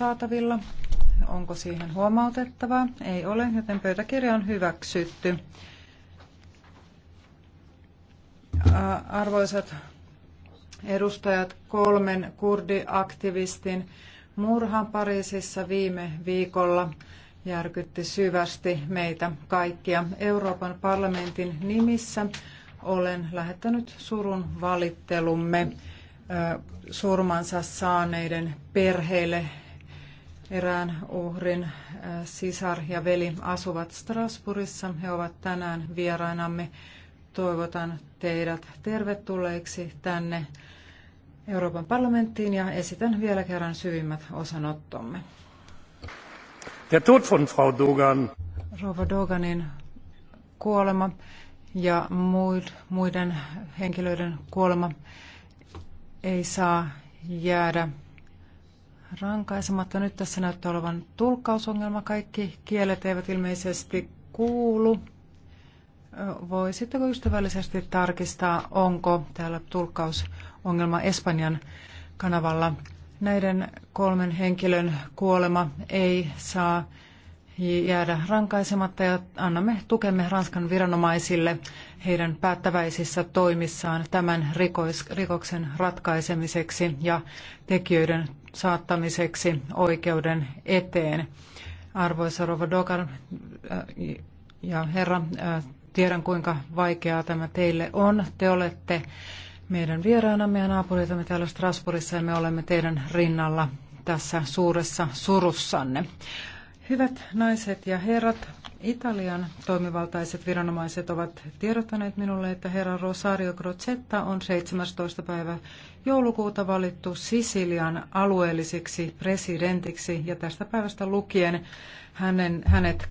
saatavilla. Onko siihen huomautettavaa? Ei ole, joten pöytäkirja on hyväksytty. Arvoisat edustajat, kolmen kurdiaktivistin murha Pariisissa viime viikolla järkytti syvästi meitä kaikkia. Euroopan parlamentin nimissä olen lähettänyt surun valittelumme surmansa saaneiden perheille Erään uhrin äh, sisar ja veli asuvat Strasbourgissa. He ovat tänään vierainamme. Toivotan teidät tervetulleiksi tänne Euroopan parlamenttiin ja esitän vielä kerran syvimmät osanottomme. Der Tod von Frau Dogan. Rova Doganin kuolema ja muiden henkilöiden kuolema ei saa jäädä rankaisematta. Nyt tässä näyttää olevan tulkkausongelma. Kaikki kielet eivät ilmeisesti kuulu. Voisitteko ystävällisesti tarkistaa, onko täällä tulkkausongelma Espanjan kanavalla? Näiden kolmen henkilön kuolema ei saa jäädä rankaisematta ja annamme tukemme Ranskan viranomaisille heidän päättäväisissä toimissaan tämän rikoksen ratkaisemiseksi ja tekijöiden saattamiseksi oikeuden eteen. Arvoisa Rova Dokar äh, ja herra, äh, tiedän kuinka vaikeaa tämä teille on. Te olette meidän vieraanamme ja naapureitamme täällä Strasbourgissa ja me olemme teidän rinnalla tässä suuressa surussanne. Hyvät naiset ja herrat, Italian toimivaltaiset viranomaiset ovat tiedottaneet minulle, että herra Rosario Crocetta on 17. päivä joulukuuta valittu Sisilian alueelliseksi presidentiksi ja tästä päivästä lukien hänen, hänet